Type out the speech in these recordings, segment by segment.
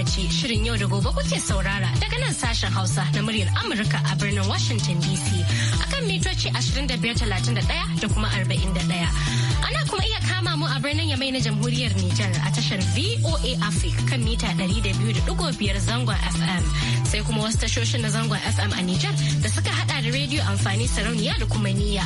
lokaci shirin yau da gobe kuke saurara daga nan sashen Hausa na muryar Amurka a birnin Washington DC akan mitoci 2531 da kuma 41. Ana kama mu a birnin Yamai na Jamhuriyar Nijar a tashar VOA Africa kan mita 200.5 zangon FM. Sai kuma wasu tashoshin na zangon FM a Nijar da suka hada da rediyo amfani sarauniya da kuma niyya.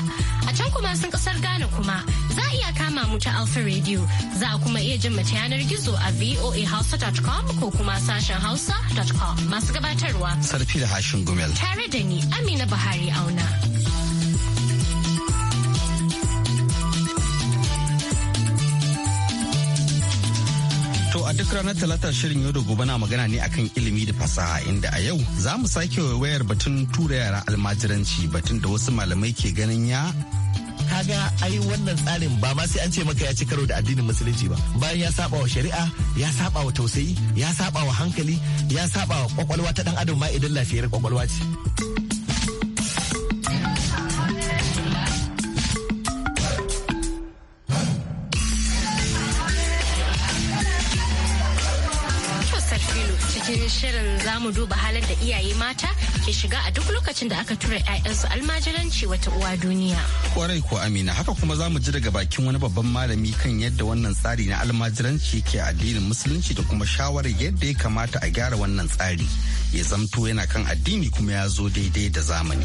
A can kuma sun kasar Ghana kuma za a iya kama mu ta alfa Radio. Za a kuma iya jin ta yanar gizo a voahausa.com ko kuma sashen hausa.com masu gabatarwa. Sarfi da hashin gumel. Tare da ni Amina Buhari Auna. a duk ranar talata shirin yau da gobe na magana ne akan ilimi da fasaha inda a yau za mu sake wayar batun tura yara almajiranci batun da wasu malamai ke ganin ya kaga ai wannan tsarin ba ma sai an ce maka ya ci karo da addinin musulunci ba bayan ya saba wa shari'a ya saba wa tausayi ya saba wa hankali ya saba wa kwakwalwa ta dan adam ma idan lafiyar kwakwalwa ce shirin za mu duba halin da iyaye mata ke shiga a duk lokacin da aka tura su almajiranci wata uwa duniya. Kwarai ko Amina haka kuma za mu ji daga bakin wani babban malami kan yadda wannan tsari na almajiranci ke addinin musulunci da kuma shawarar yadda ya kamata a gyara wannan tsari ya zamto yana kan addini kuma ya zo daidai da zamani.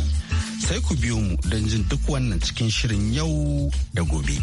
Sai ku biyo mu don jin duk wannan cikin shirin yau da gobe.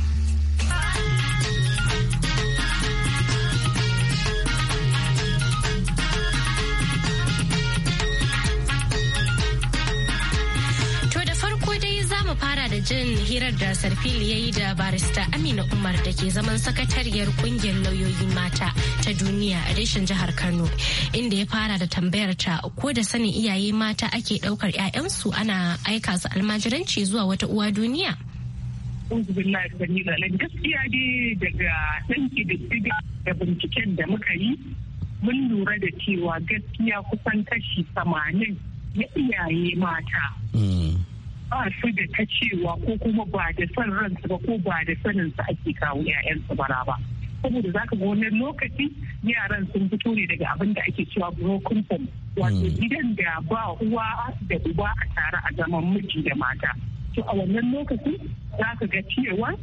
hirar da sarfili ya yi da barista amina umar da ke zaman sakatariyar kungiyar lauyoyi mata ta duniya a reshen jihar kano inda ya fara da tambayar ta ko da sanin iyaye mata ake daukar 'ya'yansu ana aika su almajiranci zuwa wata uwa duniya gaskiya dai daga ɗanki da da binciken da muka yi mun lura da cewa gaskiya kusan kashi 80 na iyaye mata hmm. ba su da ta cewa ko kuma ba da son ransu ba ko ba da sa ake kawo 'ya'yansu bara ba saboda za ka ga wani lokaci yaran sun fito ne daga abin da ake cewa broken home wato hmm. gidan da ba uwa da uba a tare a zaman miji da mata to a wannan lokaci za ka ga cewa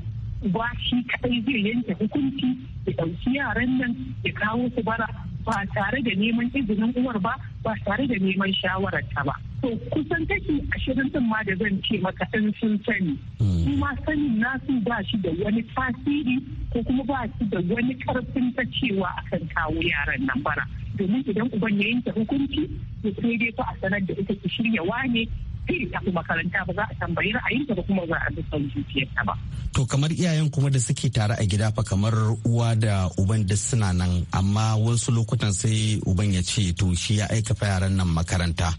uba shi kaɗai zai yanke hukunci ya ɗauki yaran nan ya kawo su bara ba tare da neman izinin uwar ba ba tare da neman shawararta ba to kusan kashi ashirin din ma da zan ce maka ɗan sun sani hmm. kuma sanin nasu ba shi da wani tasiri ko kuma ba shi da wani karfin ta cewa akan kawo yaran nan bara domin idan uban ya yanke hukunci to sai dai ko a sanar da ita ki shirya wane sai tafi makaranta ba za a tambayi ta ba kuma za a bi son zuciyarta ba. To kamar iyayen kuma da suke tare a gida fa kamar uwa da uban da suna nan amma wasu lokutan sai uban ya ce to shi ya aika fa yaran nan makaranta.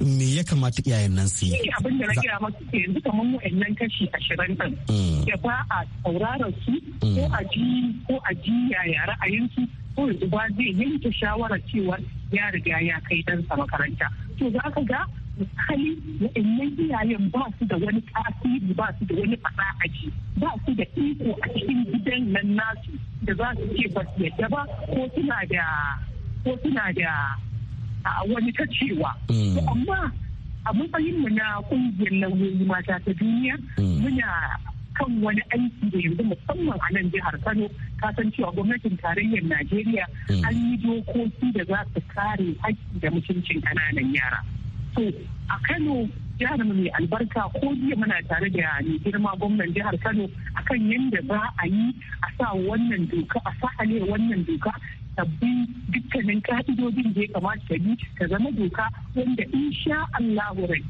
me ya kamata iyayen nan su yi abin da na gaya masu ke yanzu kamar ɗan kashi ashirin ɗin mm. ya ba a sauraron su mm. ko a ji ko a ji yaya ra'ayinsu ko yanzu ba zai yanke shawara cewa ya riga ya kai sa makaranta to za ka ga hali ɗan iyayen ba su da wani tasiri ba su da wani faɗa a ji ba su da iko a cikin gidan nan nasu da za su ce ba su yadda ba ko suna da ko suna da a wani ta cewa mm. amma a matsayin mu na kungiyar lauyoyi mata ta duniya mm. muna kan wani aiki da yanzu musamman a nan jihar Kano ka san cewa gwamnatin tarayyar Najeriya mm. an yi dokoki da za su kare haƙƙi da mutuncin ƙananan yara. So a Kano jihar mai albarka ko jiya muna tare da mai girma gwamnan jihar Kano akan yadda za a yi a sa wannan doka a wannan doka sabbin dukkanin ka'idodin da ya kamata ka bi ka zama doka wanda in sha rai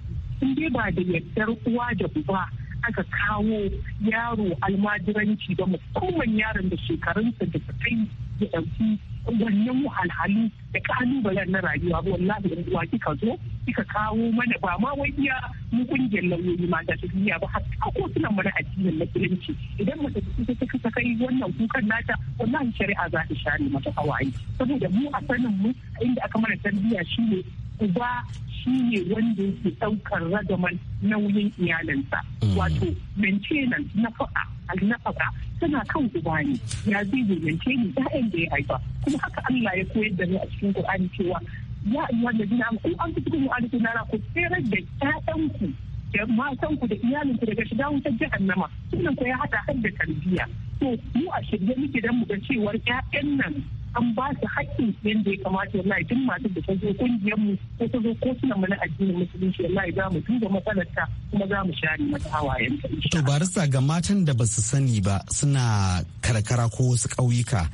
in dai ba da yardar uwa da uba aka kawo yaro almajiranci ba musamman yaron da shekarunsa da ta kai ya ɗauki wannan wahalhalu da kalubalen na rayuwa ba wallahi da uwa kika zo kika kawo mana ba ma wai iya mu kungiyar lauyoyi ma ta su ba har ko suna mana addinin musulunci idan mace ta ta ta kai wannan kukan nata wallahi shari'a za ta share mata hawaye saboda mu a sanin mu inda aka mana tarbiyya shine uba shi ne wanda yake ɗaukar ragaman nauyin iyalinsa mm. wato maintenance na faɗa alnafaka suna kan uba ne ya zai zumunce ni ya'yan da ya haifa kuma haka Allah ya koyar da ni a cikin Qur'ani cewa ya ayyuhan ladina ko an fi cikin mu'alifin na ku tsere da ƴaƴanku da matanku da iyalinku daga shiga wutar jahannama sunan ku ya haɗa har da tarbiyya to mu a shirye muke dan mu ga cewar ƴaƴan nan an ba su haƙƙin yadda ya kamata lai tun masu da sauƙi ƙungiyar mu ko ta zo ko suna na addinin musulunci ya lai za mu duba matsalar ta kuma za mu share mata hawayen ta. To barista ga matan da ba su sani ba suna karkara ko wasu ƙauyuka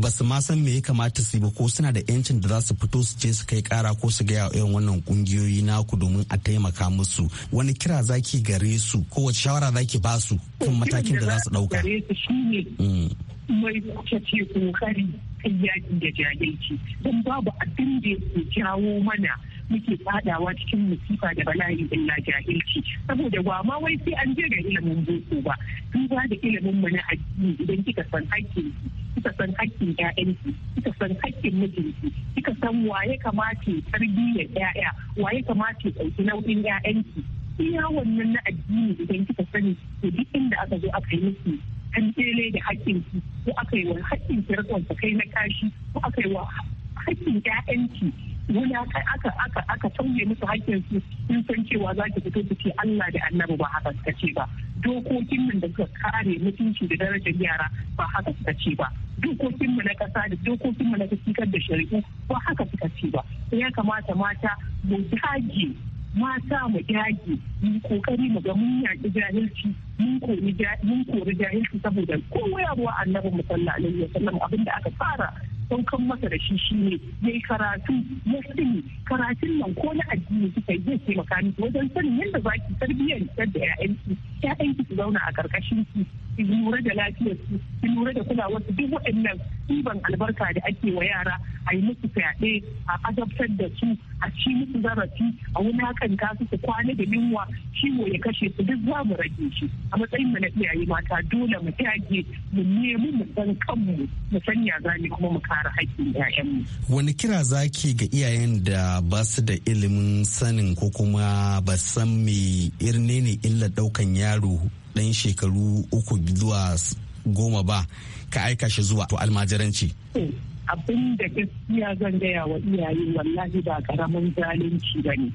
ba su ma san me ya kamata su yi ba ko suna da yancin da za su fito su je su kai kara ko su gaya irin wannan kungiyoyi naku domin a taimaka musu wani kira zaki gare su ko wace shawara zaki ba su kan matakin da za su dauka mm. mai kuka ce kokari kan yaƙi da jahilci don babu abin da ya jawo mana muke fadawa cikin musifa da bala'i illa jahilci saboda ba ma wai sai an je da ilimin boko ba duba da ilimin mu na addini idan kika san hakkin kika san hakkin ƴaƴanki kika san hakkin mijinki kika san waye kamata tarbiyyar ƴaƴa waye kamata ya ɗauki nau'in ƴaƴanki iya wannan na addini idan kika sani to duk inda aka zo aka yi miki kan tsere da ki ko aka yi wa hakkin ki kai na kashi ko aka yi wa hakkin ƴaƴanki wani aka aka aka tauye musu haƙƙin su sun san cewa za ki fito su ce Allah da Annabi ba haka suka ce ba dokokin nan da suka kare mutunci da darajar yara ba haka suka ce ba dokokin mu na kasa da dokokin mu na kasikar da shari'u ba haka suka ce ba ya kamata mata mu dage mata mu dage mu kokari mu ga mun yaƙi jahilci mun kori jahilci saboda kowa yawa annabi mu sallallahu alaihi wasallam abinda aka fara kan masa da shi shi ne ya karatu ya sani karatun nan ko na addini yi zai taimaka miki wajen sanin yadda za ki tarbiyyar da 'ya'yanki 'ya'yanki su zauna a ƙarƙashin ki lura da lafiyar su ki lura da kula wasu duk waɗannan ɗiban albarka da ake wa yara a yi musu fyaɗe a azabtar da su a ci musu zarafi a wani hakan ta su kwana da yunwa ciwo ya kashe su duk za mu rage shi a matsayin mu na iyaye mata dole mu tage mu nemi mu san kanmu mu sanya zani kuma mu kare haƙƙin 'ya'yanmu. wani kira zaki ga iyayen da ba su da ilimin sanin ko kuma ba san me irne ne illar ɗaukan yaro ɗan shekaru uku zuwa goma ba ka aika shi zuwa to almajiranci. Abin da gaskiya zan gaya wa iyaye wallahi ba karamin zalunci ba ne.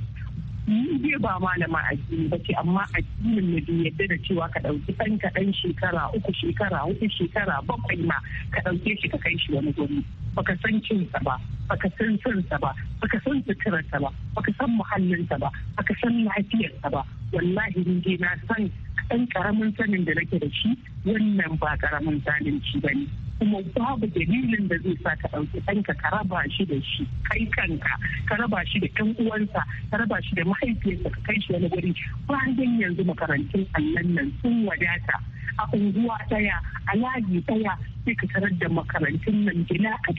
Ni dai ba malama addini ba ce amma addinin na bai yadda da cewa ka ɗauki ɗan kaɗan shekara uku shekara uku shekara bakwai ma ka ɗauke shi ka kai shi wani guri. Baka san cinsa ba, baka san sansa ba, baka san suturarsa ba, baka san muhallinsa ba, baka san lafiyarsa ba. Wallahi ni dai na san ɗan ƙaramin sanin da nake da shi wannan ba ƙaramin shi ba ne kuma babu dalilin da zai sa ka ɗauki ɗanka ka raba shi da shi kai kanka ka raba shi da ɗan uwansa ka raba shi da mahaifiyarsa ka kai shi wani ba bayan yanzu makarantun allon nan sun wadata a unguwa ɗaya a layi ɗaya sai ka tarar da makarantun nan gina a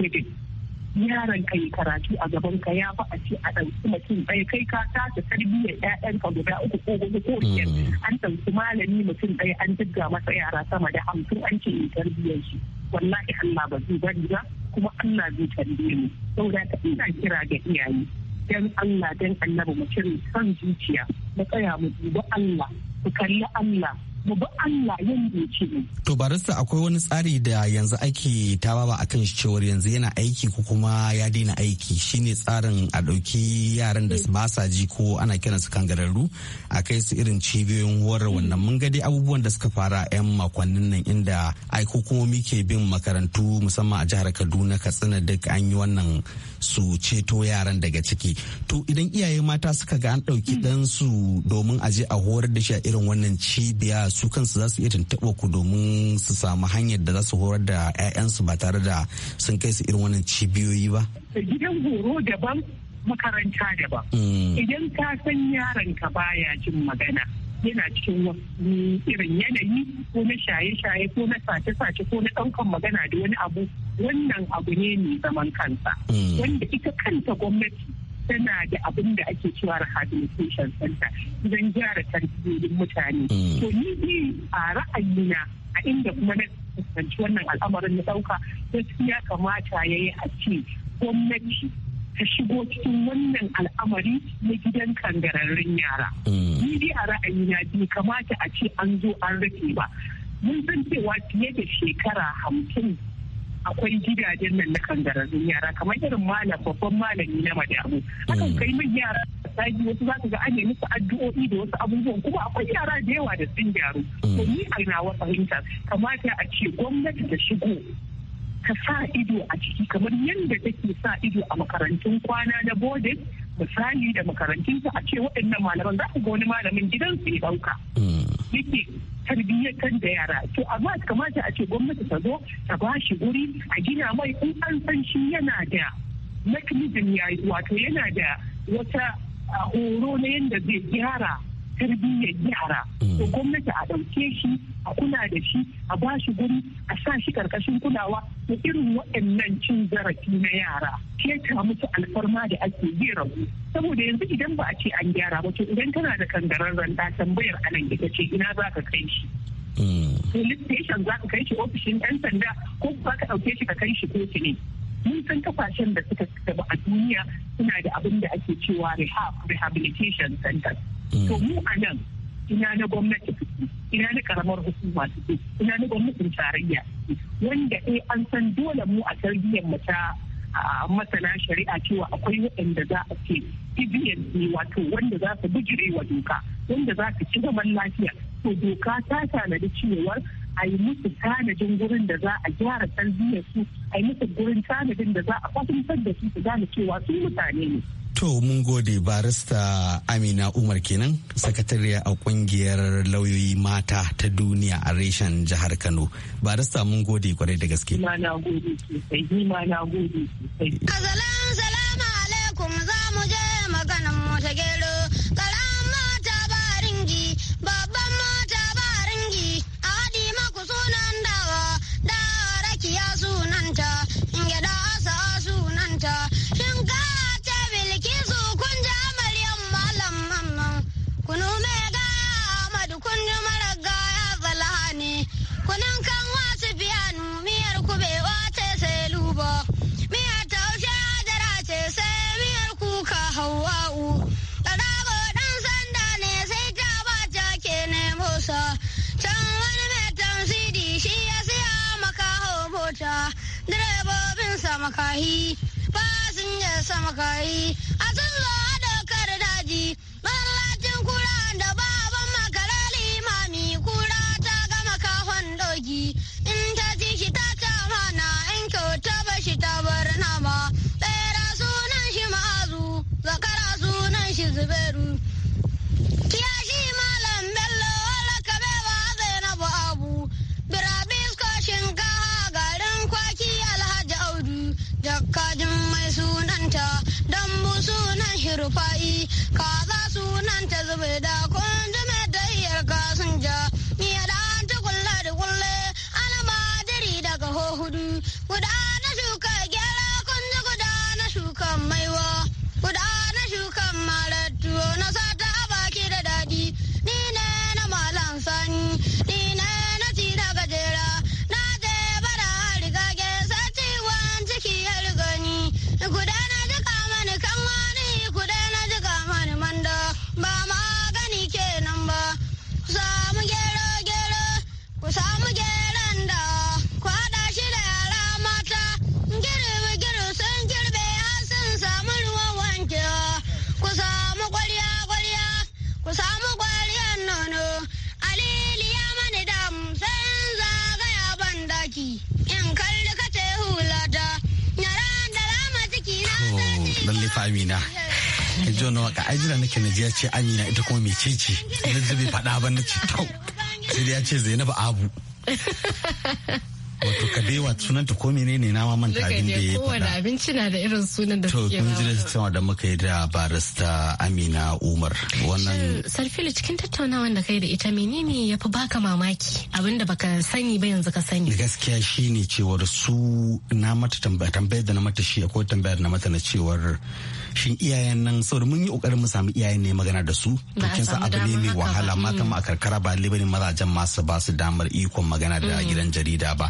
yaran ka yi karatu a gaban ka ya fa a ce a ɗauki mutum ɗaya kai ka tasa tarbiyyar ƴaƴan ka guda uku ko huɗu ko biyar mm. an ɗauki malami mutum ɗaya an jigga masa yara sama da hamsin an ce in tarbiyyar shi wallahi Allah ba zai bari ba kuma Allah zai tambaye mu saboda ta ina kira ga iyaye dan Allah dan annabi mu cire zuciya mu tsaya mu duba Allah ku kalli Allah mu bi Allah yin ce ne. To barista akwai wani tsari da yanzu ake ta baba akan shi cewar yanzu yana aiki ko kuma ya daina aiki shine tsarin a ɗauki yaran da ba sa ji ko ana kiran su kangararru a kai su irin cibiyoyin horar wannan mun ga dai abubuwan da suka fara yan makonnin nan inda ai hukumomi ke bin makarantu musamman a jihar Kaduna Katsina duk an yi wannan su ceto yaran daga ciki. To idan iyaye mata suka ga an ɗauki mm. ɗansu domin a je a horar da shi a irin wannan cibiya su kansu za su iya tuntuɓa ku domin su samu hanyar da za su horar da 'ya'yansu ba tare da sun kai su irin wannan cibiyoyi ba? Gidan horo daban makaranta daban. Mm. Idan ka san yaron ka baya jin magana yana cikin wani irin yanayi ko na shaye-shaye ko na sace-sace ko na ɗaukan magana da wani abu wannan abu ne mai zaman kansa. Mm. Wanda ita kanta gwamnati tana da abin da ake cewa rehabilitation center zan gyara tarbiyyar mutane mm. to ni a ra'ayina a inda kuma na fuskanci wannan al'amarin na ɗauka gaskiya kamata ya yi a ce gwamnati ta shigo cikin wannan al'amari na gidan kangararrun yara. Mm. Ni bi a ra'ayina bai kamata a ce an zo an rufe ba. Mun san cewa fiye da shekara hamsin akwai gidajen nan na kangararrun yara kamar irin malam babban malami na madamu akan mm. kai min yara daji wasu za ka ga an nemi su addu'o'i da wasu abubuwan kuma akwai yara da yawa da sun gyaru mm. to ni a nawa fahimta kamata a ce gwamnati ta shigo ka sa ido a ciki kamar yadda take sa ido a makarantun kwana na boarding misali da makarantun a ce waɗannan malaman za ku ga wani malamin su ya ɗauka mm. tarbiyyatar da yara to amma kamata a ce gwamnati ta zo ta ba shi wuri, a gina mai in an san shi yana da mechanism ya wato yana da wata horo na yadda zai gyara tarbiyyar yara mm. to gwamnati a ɗauke shi a kula da shi a ba shi guri a sa shi karkashin kulawa da irin waɗannan cin zarafi na yara keta musu alfarma da ake yi rabu saboda yanzu idan ba a ce an gyara ba to idan tana da kangararren da tambayar anan ita ce ina za ka kai shi police mm. station za ka kai shi ofishin yan sanda ko ba ka ɗauke shi ka kai shi kotu ne mun san kasashen da suka taba a duniya suna da abin da ake cewa rehab rehabilitation center mm. to mu a nan ina na gwamnati ina na karamar hukuma ina na gwamnatin tarayya wanda eh an san dole mu a tarbiyyar mu ta masana shari'a cewa akwai waɗanda za a ce ibiyan ne wato wanda za su bijire wa doka wanda za su ci gaban lafiya to doka ta tanadi cewa a yi musu tanadin gurin da za a gyara tarbiyyar su a yi musu gurin tanadin da za a kwatantar da su su gane cewa su mutane ne To mun gode barista Amina Umar kenan sakatariya a kungiyar lauyoyi mata ta duniya a reshen jihar Kano. Barista mun gode kwarai da gaske. Ma na gode sosai, ma na gode sosai. Azalan salamu alaikum za mu je maganin mu ta gero. makahi ya sama kayi ce nawa waka ai na nake naji ya ce amina ita kuma mai ce ce na ji bai faɗa ba na ce tau sai ya ce zainab abu wato kabewa sunanta ko menene na ma manta abin da ya faɗa abinci na da irin sunan da suke to kun ji da da muka yi da barista Amina Umar wannan Sarfili cikin tattaunawar da kai da ita menene fi baka mamaki abinda baka sani ba yanzu ka sani gaskiya shine cewar su na mata tambaya tambayar da na mata shi ko tambayar na mata na cewar shin iyayen nan saboda mun yi kokarin mu samu iyayen ne magana da su to kin san abu ne mai wahala ma ma mm. a karkara ba ne mazajen ma su ba su damar ikon magana da mm. gidan jarida ba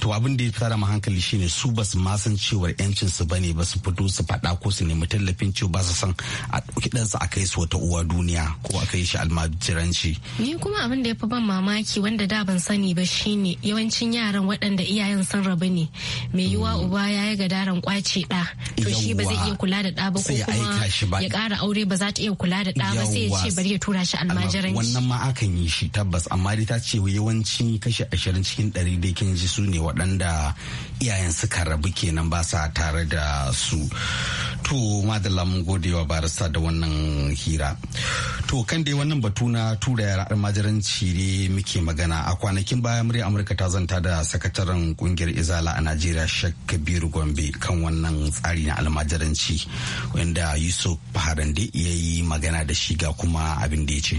to abin da ya fi ma hankali shine su ba su ma san cewar yancin su bane ba su fito su faɗa ko su nemi tallafin cewa ba su san a ɗauki ɗansa a kai su wata uwa duniya ko a kai shi almajiranci. ni kuma abin da ya fi ban mamaki wanda da ban sani ba shine yawancin yaran waɗanda iyayen sun rabu ne mai yiwa mm. uba ya yi gadaran kwace ɗa to shi ba zai iya kula da ɗa ba ko kuma ya ƙara aure ba za ta iya kula da ɗa ba sai ya ce bari ya tura shi almajiranci. wannan ma akan yi shi tabbas amma dai ta ce yawanci kashi ashirin cikin ɗari dai kin ji su ne waɗanda iyayen suka rabu kenan ba sa tare da su to madalla mun gode wa barista da wannan hira to kan dai wannan batu na tura yara almajiranci ne muke magana a kwanakin baya murya amurka ta zanta da sakataren kungiyar izala a najeriya shak kabiru gombe kan wannan tsari na almajiranci wanda yusuf harande ya yi magana da shiga kuma abin da ya ce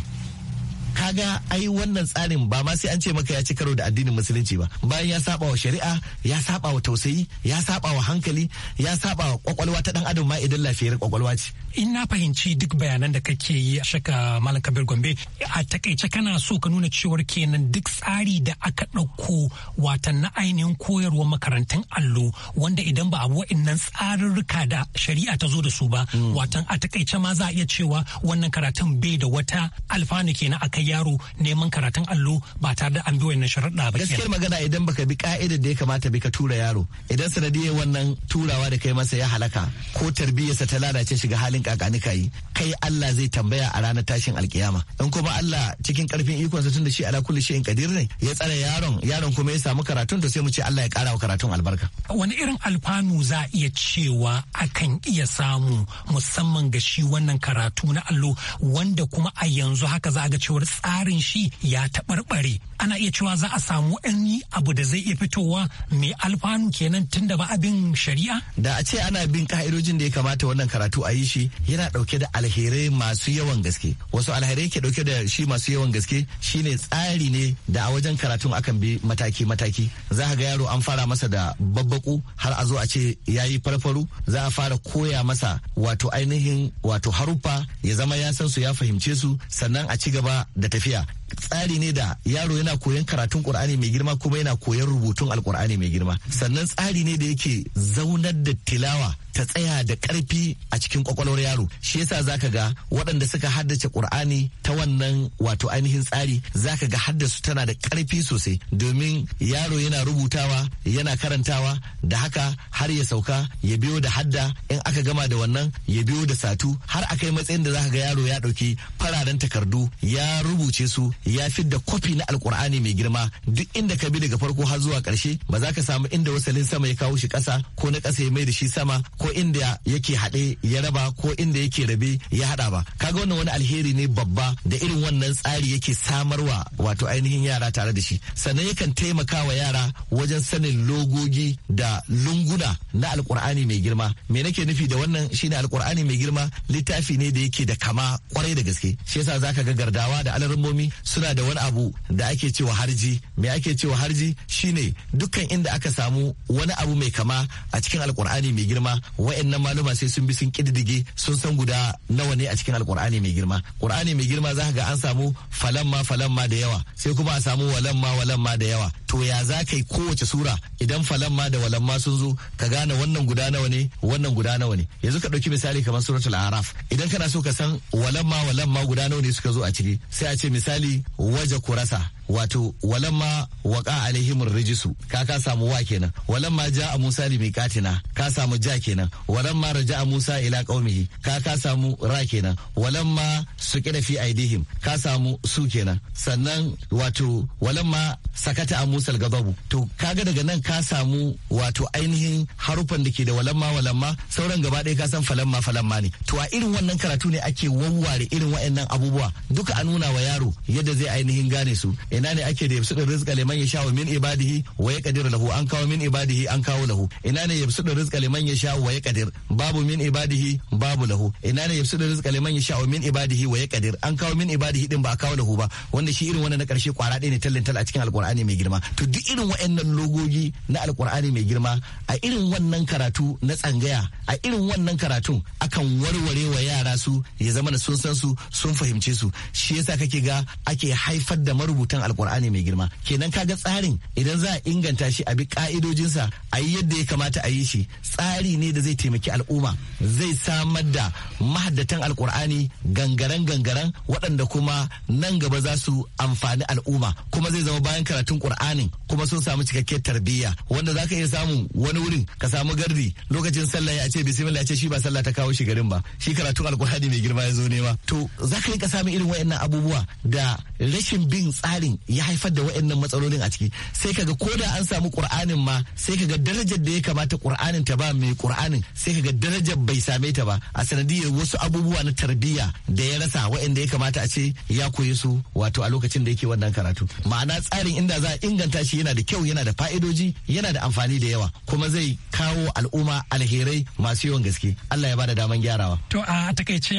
kaga ai wannan tsarin ba ma sai an ce maka ya ci karo da addinin musulunci ba bayan ya saba wa shari'a ya saba wa tausayi ya saba wa hankali ya saba wa kwakwalwa ta dan adam ma idan lafiyar kwakwalwa ce in na fahimci duk bayanan da kake yi a shaka malam kabir gombe a takaice kana so ka nuna cewar kenan duk tsari da aka ɗauko watan na ainihin koyarwar makarantun allo wanda idan ba a wa'innan tsarurruka da shari'a ta zo da su ba mm. watan a takaice ma za a iya cewa wannan karatun bai da wata alfanu kenan akai ya yaro neman karatun allo ba tare da an bi wannan sharaɗa ba gaskiyar magana idan baka bi ka'idar da ya kamata bi ka tura yaro idan sanadiyar wannan turawa da kai masa ya halaka ko tarbiyyarsa ta lalace shiga halin kakanika yi kai Allah zai tambaya a ranar tashin alkiyama in kuma Allah cikin karfin ikonsa tun da shi ala kulli shay'in kadir ne ya tsara yaron yaron kuma ya samu karatun to sai mu ce Allah ya karawa karatun albarka wani irin alfanu za a iya cewa akan iya samu musamman ga shi wannan karatu na allo wanda kuma a yanzu haka za a ga cewar tsarin shi ya taɓarɓare ana iya cewa za a samu yi abu da zai iya fitowa mai alfanu kenan tun da ba abin shari'a da a ce ana bin ka'idojin da ya kamata wannan karatu a yi shi yana ɗauke da alherai masu yawan gaske wasu alherai ke ɗauke da shi masu yawan gaske shine tsari ne da a wajen karatun akan bi mataki mataki za ga yaro an fara masa da babbaku har a zo a ce ya yi farfaru za a fara koya masa wato ainihin wato haruffa ya zama ya san su ya fahimce su sannan a ci gaba da Yeah. tsari ne da yaro yana koyan karatun Qur'ani mai girma kuma yana koyan rubutun Alkur'ani mai girma sannan tsari ne da yake zaunar da tilawa ta tsaya da karfi a cikin kwakwalwar yaro shi yasa zaka ga waɗanda suka haddace Qur'ani ta wannan wato ainihin tsari zaka ga haddasu tana da karfi sosai domin yaro yana rubutawa yana karantawa da haka har ya sauka ya biyo da hadda in aka gama da wannan ya biyo da satu har akai matsayin da zaka ga yaro ya ɗauki fararen takardu ya rubuce su ya da kwafi na alkur'ani mai girma duk inda ka bi daga farko har zuwa karshe ba za ka samu inda wasalin sama ya kawo shi kasa ko na kasa ya mai da shi sama ko inda yake haɗe ya raba ko inda yake rabe ya haɗa ba kaga wannan wani alheri ne babba da irin wannan tsari yake samarwa wato ainihin yara tare da shi sannan yakan taimaka wa yara wajen sanin logogi da lunguna na alkur'ani mai girma me nake nufi da wannan shine alkur'ani mai girma littafi ne da yake da kama kwarai da gaske shi yasa zaka ga gardawa da alarmomi suna da wani abu da ake cewa harji me ake cewa harji shine dukkan inda aka samu wani abu mai kama a cikin alkur'ani mai girma wayannan maluma sai sun bi sun kididdige sun san guda nawa ne a cikin alkur'ani mai girma qur'ani mai girma za ga an samu falamma falamma da yawa sai kuma a samu walamma walamma da yawa to ya za ka yi kowace sura idan falan ma da walan ma sun zo ka gane wannan guda nawa ne wannan guda nawa ne yanzu ka ɗauki misali kamar suratul araf idan kana so ka san walan ma walan ma guda nawa ne suka zo a ciki sai a ce misali waje kurasa wato walamma waka alihimin rijisu ka ka samu wa kenan walamma a musa katina ka samu ja kenan walamma a musa ila ƙaumihi ka ka samu ra kenan walamma ƙira fi aidihim ka samu su kenan sannan wato walamma sakata a musa gababu to kaga daga nan ka samu wato ainihin harufan da ke da walamma walamma sauran gaba ɗaya ka san falamma falamma ne to a irin wannan karatu ne ake wawware irin waɗannan abubuwa duka a nuna wa yaro yadda zai ainihin gane su ina ne ake da da rizqa liman sha min ibadihi wa yaqdir lahu an kawo min ibadihi an kawo lahu ina ne da rizqa liman yasha'u wa yaqdir babu min ibadihi babu lahu ina ne da rizqa liman wa min ibadihi wa yaqdir an kawo min ibadihi din ba a kawo lahu ba wanda shi irin wannan na karshe kwara ɗaya ne tallin tal a cikin alqur'ani mai girma to duk irin wa'annan logogi na alqur'ani mai girma a irin wannan karatu na tsangaya a irin wannan karatun akan warware wa yara su ya zama da sun san su sun fahimce su shi yasa kake ga ake haifar da marubutan alkur'ani mai girma kenan kaga tsarin idan za a inganta shi a bi ka'idojinsa a yi yadda ya kamata a yi shi tsari ne da zai taimaki al'umma zai samar da mahaddatan alkur'ani gangaren gangaren waɗanda kuma nan gaba za su amfani al'umma kuma zai zama bayan karatun qur'anin kuma sun samu cikakkiyar tarbiyya wanda zaka iya samu wani wurin ka samu gardi lokacin sallah ya ce bismillah ya ce shi ba sallah ta kawo shi garin ba shi karatun alkur'ani mai girma ya zo nema to zaka rika samun irin waɗannan abubuwa da rashin bin tsarin ya haifar da waɗannan matsalolin a ciki sai kaga ko da an samu qur'anin ma sai kaga darajar da ya kamata qur'anin ta ba mai qur'anin sai kaga darajar bai same ta ba a sanadiyar wasu abubuwa na tarbiyya da ya rasa waɗanda ya kamata a ce ya koyi su wato a lokacin da yake wannan karatu ma'ana tsarin inda za a inganta shi yana da kyau yana da fa'idoji yana da amfani da yawa kuma zai kawo al'umma alherai masu yawan gaske Allah ya bada daman gyarawa to a takaice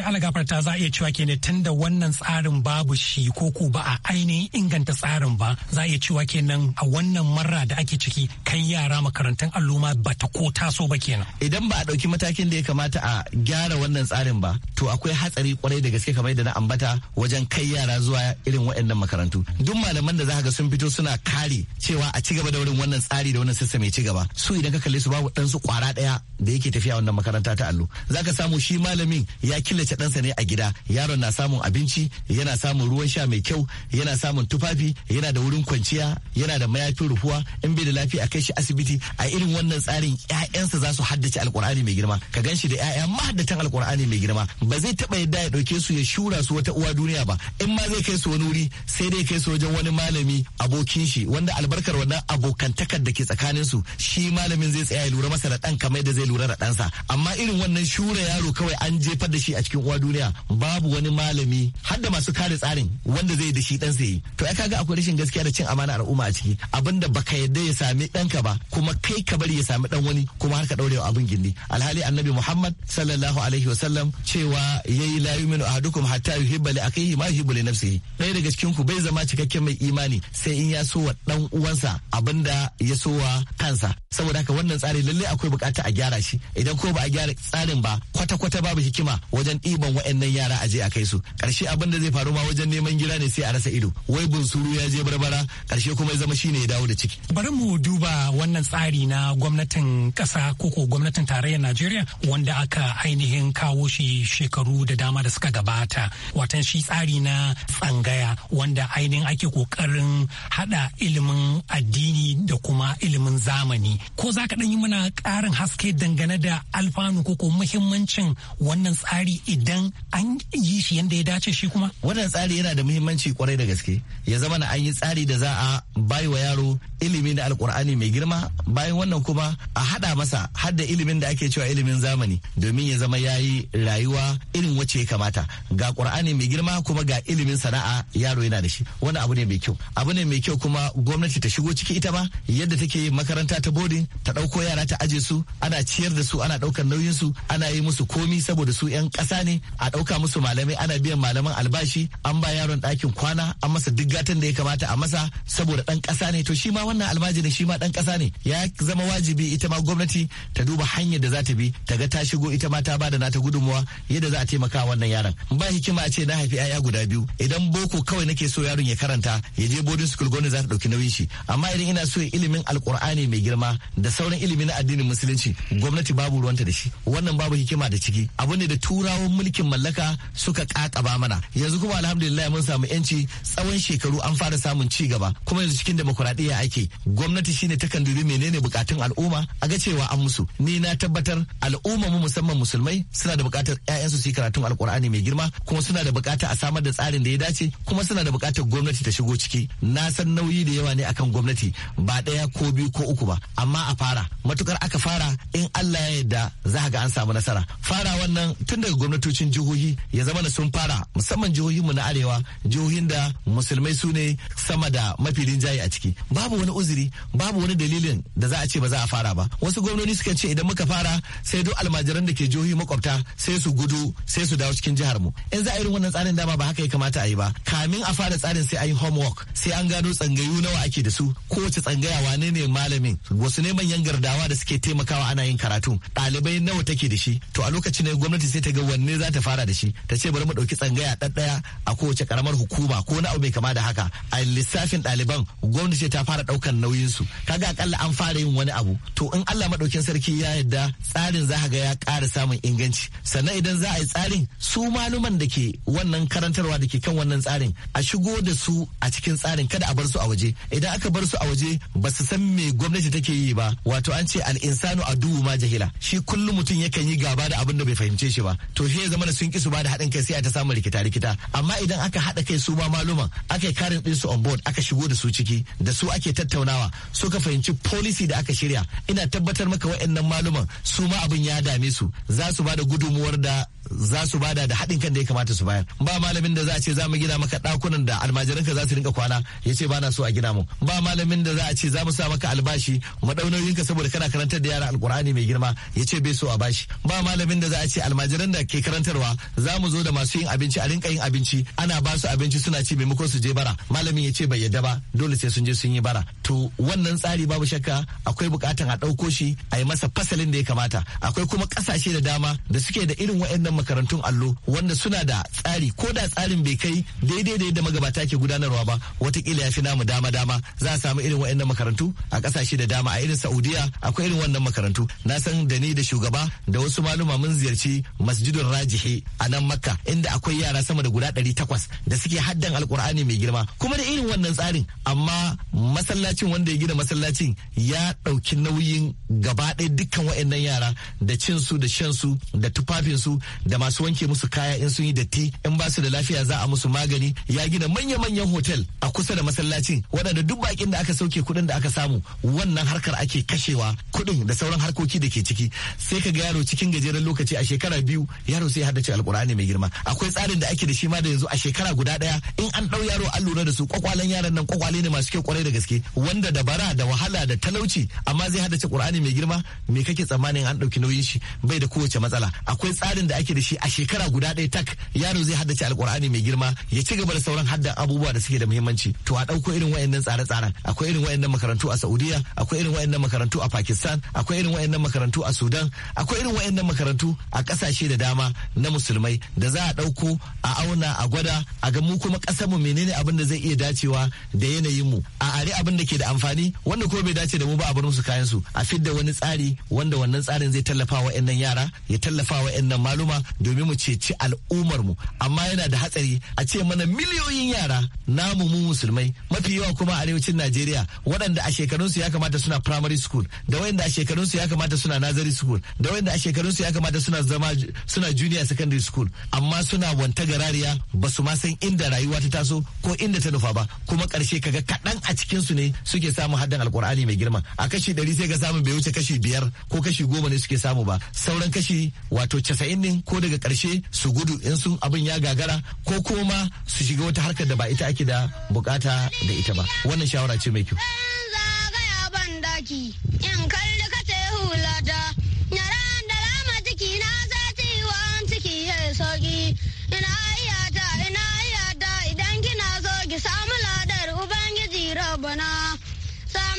ta za a iya cewa kenan tunda wannan tsarin babu shi ko ku ba a ainihin inganta da tsarin ba za a iya cewa kenan a wannan mara da ake ciki kan yara makarantun alluma ba ta ko taso ba kenan idan ba a ɗauki matakin da ya kamata a gyara wannan tsarin ba to akwai hatsari kwarai da gaske kamar da na ambata wajen kai yara zuwa irin waɗannan makarantu duk malaman da za ga sun fito suna kare cewa a ci gaba da wurin wannan tsari da wannan sassa mai ci gaba su idan ka kalle su babu ɗansu kwara ɗaya da yake tafiya wannan makaranta ta allo za ka samu shi malamin ya killace ɗansa ne a gida yaron na samun abinci yana samun ruwan sha mai kyau yana samun tufafi mayafi yana da wurin kwanciya yana da mayafin rufuwa in bai da lafiya a kai shi asibiti a irin wannan tsarin ƴaƴansa za su haddace alkur'ani mai girma ka gan shi da ƴaƴa mahaddatan alkur'ani mai girma ba zai taɓa yadda ya ɗauke su ya shura su wata uwa duniya ba in ma zai kai su wani wuri sai dai kai su wajen wani malami abokin shi wanda albarkar wannan abokantakar da ke tsakanin su shi malamin zai tsaya ya lura masa da ɗan kamar yadda zai lura da ɗansa amma irin wannan shura yaro kawai an jefar da shi a cikin uwa duniya babu wani malami hadda masu kare tsarin wanda zai da shi ɗansa yi to ya ga akwai rashin gaskiya da cin amana al'umma a ciki abinda baka yadda ya sami danka ba kuma kai ka bari ya sami dan wani kuma har ka wa abin gindi alhali annabi muhammad sallallahu alaihi wa sallam cewa yayi la yuminu ahadukum hatta yuhibba li akhihi ma yuhibbu li nafsihi ɗaya daga cikin ku bai zama cikakken mai imani sai in ya so wa ɗan uwansa abinda ya so wa kansa saboda haka wannan tsari lallai akwai bukata a gyara shi idan ko ba a gyara tsarin ba kwata-kwata babu hikima wajen ɗiban waɗannan yara aje je a kai su ƙarshe abinda zai faru ma wajen neman gida ne sai a rasa ido wai bun suru ya je barbara karshe kuma ya zama shine ya dawo da ciki bari mu duba wannan tsari na gwamnatin kasa koko gwamnatin tarayyar najeriya wanda aka ainihin kawo shi shekaru da dama da suka gabata watan shi tsari na tsangaya wanda ainihin ake kokarin hada ilimin addini da kuma ilimin zamani ko za ka yi mana karin haske dangane da alfanu ko muhimmancin wannan tsari idan an yi shi yadda ya dace shi kuma wannan tsari yana da muhimmanci kwarai da gaske zama na an yi tsari da za a bai wa yaro ilimi na alkur'ani mai girma bayan wannan kuma a hada masa har da ilimin da ake cewa ilimin zamani domin ya zama ya yi rayuwa irin wacce ya kamata ga qur'ani mai girma kuma ga ilimin sana'a yaro yana da shi wani abu ne mai kyau abu ne mai kyau kuma gwamnati ta shigo ciki ita ma yadda take makaranta ta boarding ta dauko yara ta aje su ana ciyar da su ana daukar nauyin su ana yi musu komi saboda su yan kasa ne a dauka musu malamai ana biyan malaman albashi an ba yaron dakin kwana an masa duk da ya kamata a masa saboda dan kasa ne to shi ma wannan almajirin shi ma dan kasa ne ya zama wajibi ita ma gwamnati ta duba hanyar da za ta bi ta ga ta shigo ita ma ta bada nata gudunmuwa yadda za a taimaka wannan yaron ba hikima a ce na haifi yaya guda biyu idan boko kawai nake so yaron ya karanta ya je boarding school gwamnati za ta dauki nauyin shi amma idan ina so ilimin alkur'ani mai girma da sauran ilimi na addinin musulunci gwamnati babu ruwanta da shi wannan babu hikima da ciki abu ne da turawan mulkin mallaka suka kakaba mana yanzu kuma alhamdulillah mun samu yanci tsawon shekaru an fara samun ci gaba kuma yanzu cikin demokuraɗiyya ake gwamnati shine ta kan dubi menene bukatun al'umma a ga cewa an musu ni na tabbatar al'umma mu musamman musulmai suna da bukatar ƴaƴansu su yi karatun alkur'ani mai girma kuma suna da bukata a samar da tsarin da ya dace kuma suna da bukatar gwamnati ta shigo ciki na san nauyi da yawa ne akan gwamnati ba ɗaya ko biyu ko uku ba amma a fara matukar aka fara in Allah ya yarda za ga an samu nasara fara wannan tun daga gwamnatocin jihohi ya zama da sun fara musamman jihohinmu na arewa jihohin da musulmai su ne sama da mafi rinjaye a ciki babu wani uzuri babu wani dalilin da za a ce ba za a fara ba wasu gwamnoni suka ce idan muka fara sai duk almajiran da ke jihohi makwabta sai su gudu sai su dawo cikin jihar mu in za a irin wannan tsarin dama ba haka ya kamata a yi ba kamin a fara tsarin sai a yi homework sai an gano tsangayu nawa ake da su kowace tsangaya wane ne malamin wasu ne manyan gardawa da suke taimakawa ana yin karatu ɗalibai nawa take da shi to a lokacin ne gwamnati sai ta ga wanne za ta fara da shi ta ce bari mu ɗauki tsangaya ɗaɗɗaya a kowace karamar hukuma ko na abu mai kama da haka a lissafin ɗaliban gwamnati ta fara ɗaukar nauyinsu kaga akalla an fara yin wani abu to in Allah maɗaukin sarki ya yarda tsarin za ga ya ƙara samun inganci sannan idan za a yi tsarin su maluman da ke wannan karantarwa da ke kan wannan tsarin a shigo da su a cikin tsarin kada a bar su a waje idan aka bar su a waje ba su san me gwamnati take yi ba wato an ce al'insanu a duhu ma jahila shi kullum mutum yakan yi gaba da abin da bai fahimce shi ba to shi ya zama da sun ki su ba da haɗin kai sai a ta samun rikita rikita amma idan aka haɗa kai su ma maluman aka hiring ɗinsu on board aka shigo da su ciki da su ake tattaunawa suka fahimci policy da aka shirya ina tabbatar maka wa'annan maluman su ma abin ya dame su za su ba da gudunmuwar da za su bada da haɗin kan da ya kamata su bayar ba malamin da za a ce za mu gina maka ɗakunan da almajiranka za su rinka kwana ya ce ba na so a gina mu ba malamin da za a ce za mu sa maka albashi mu ɗau nauyinka saboda kana karantar da yara alkur'ani mai girma ya ce bai so a bashi ba malamin da za a ce almajiran da ke karantarwa za mu zo da masu yin abinci a rinka yin abinci ana ba su abinci suna ci maimakon su je bara bara malamin ya ce bai yadda ba dole sai sun je sun yi bara to wannan tsari babu shakka akwai bukatan a ɗauko shi a yi masa fasalin da ya kamata akwai kuma ƙasashe da dama da suke da irin waɗannan makarantun allo wanda suna da tsari ko da tsarin bai kai daidai da yadda magabata ke gudanarwa ba watakila ya fi namu dama dama za a samu irin waɗannan makarantu a ƙasashe da dama a irin saudiya akwai irin wannan makarantu na san da ni da shugaba da wasu maluma mun ziyarci masjidun rajihi a nan makka inda akwai yara sama da guda ɗari takwas da suke haddan alkur'ani mai girma ba kuma da irin wannan tsarin amma masallacin wanda ya gina masallacin ya ɗauki nauyin gaba ɗaya dukkan waɗannan yara da cin su da shan su da tufafin su da masu wanke musu kaya in sun yi datti in ba su da lafiya za a musu magani ya gina manya-manyan hotel a kusa da masallacin waɗanda duk bakin da aka sauke kuɗin da aka samu wannan harkar ake kashewa kuɗin da sauran harkoki da ke ciki sai ka ga yaro cikin gajeren lokaci a shekara biyu yaro sai ya haddace alkur'ani mai girma akwai tsarin da ake da shi ma da yanzu a shekara guda ɗaya in an ɗau yaro an lura da su kwakwalen yaran nan kwakwale ne masu kyau kwarai da gaske wanda da bara da wahala da talauci amma zai haddace Qur'ani mai girma me kake tsammanin an dauki nauyin shi bai da kowace matsala akwai tsarin da ake da shi a shekara guda ɗaya tak yaro zai haddace alkur'ani mai girma ya ci gaba da sauran haddan abubuwa da suke da muhimmanci to a ɗauko irin wayannan tsare-tsaren akwai irin wayannan makarantu a Saudiya akwai irin wayannan makarantu a Pakistan akwai irin wayannan makarantu a Sudan akwai irin wayannan makarantu a kasashe da dama na musulmai da za a dauko a auna a gwada a ga mu kuma mu menene abin da zai iya dacewa da yanayin mu a are abin da ke da amfani wanda ko bai dace da mu ba a barin su kayan su a fidda wani tsari wanda wannan tsarin zai tallafa wa yara ya tallafa wa maluma domin mu ceci al'ummar mu amma yana da hatsari a ce mana miliyoyin yara namu mu musulmai mafi yawa kuma arewacin Najeriya waɗanda a shekarunsu ya kamata suna primary school da wayanda a shekarunsu ya kamata suna nursery school da wayanda a shekarunsu ya kamata suna zama suna junior secondary school amma suna wanta garariya ba su ma san inda rayuwa ta taso ko inda inda ta nufa ba kuma karshe kaga kaɗan a cikin su ne suke samun haddan alkur'ani mai girma a kashi ɗari sai ga samu bai wuce kashi biyar ko kashi goma ne suke samu ba sauran kashi wato casa'in ne ko daga karshe su gudu in sun abin ya gagara ko kuma su shiga wata harkar da ba ita ake da bukata da ita ba wannan shawara ce mai kyau.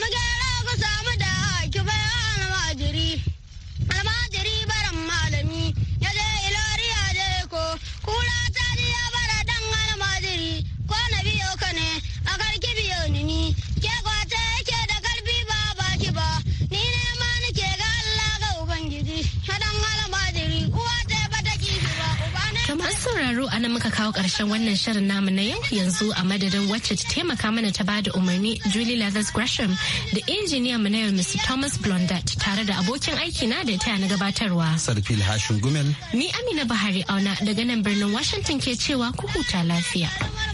samu gara ku samu da nan muka kawo ƙarshen wannan shirin namu na yau yanzu a madadin wacce ta taimaka mana ta ba da umarni Julie Leathers Gresham da injiniya mu na yau Mr. Thomas Blondat tare da abokin aiki na da taya na gabatarwa. Sarfil Hashin Gumel. Ni Amina Buhari Auna daga nan birnin Washington ke cewa ku huta lafiya.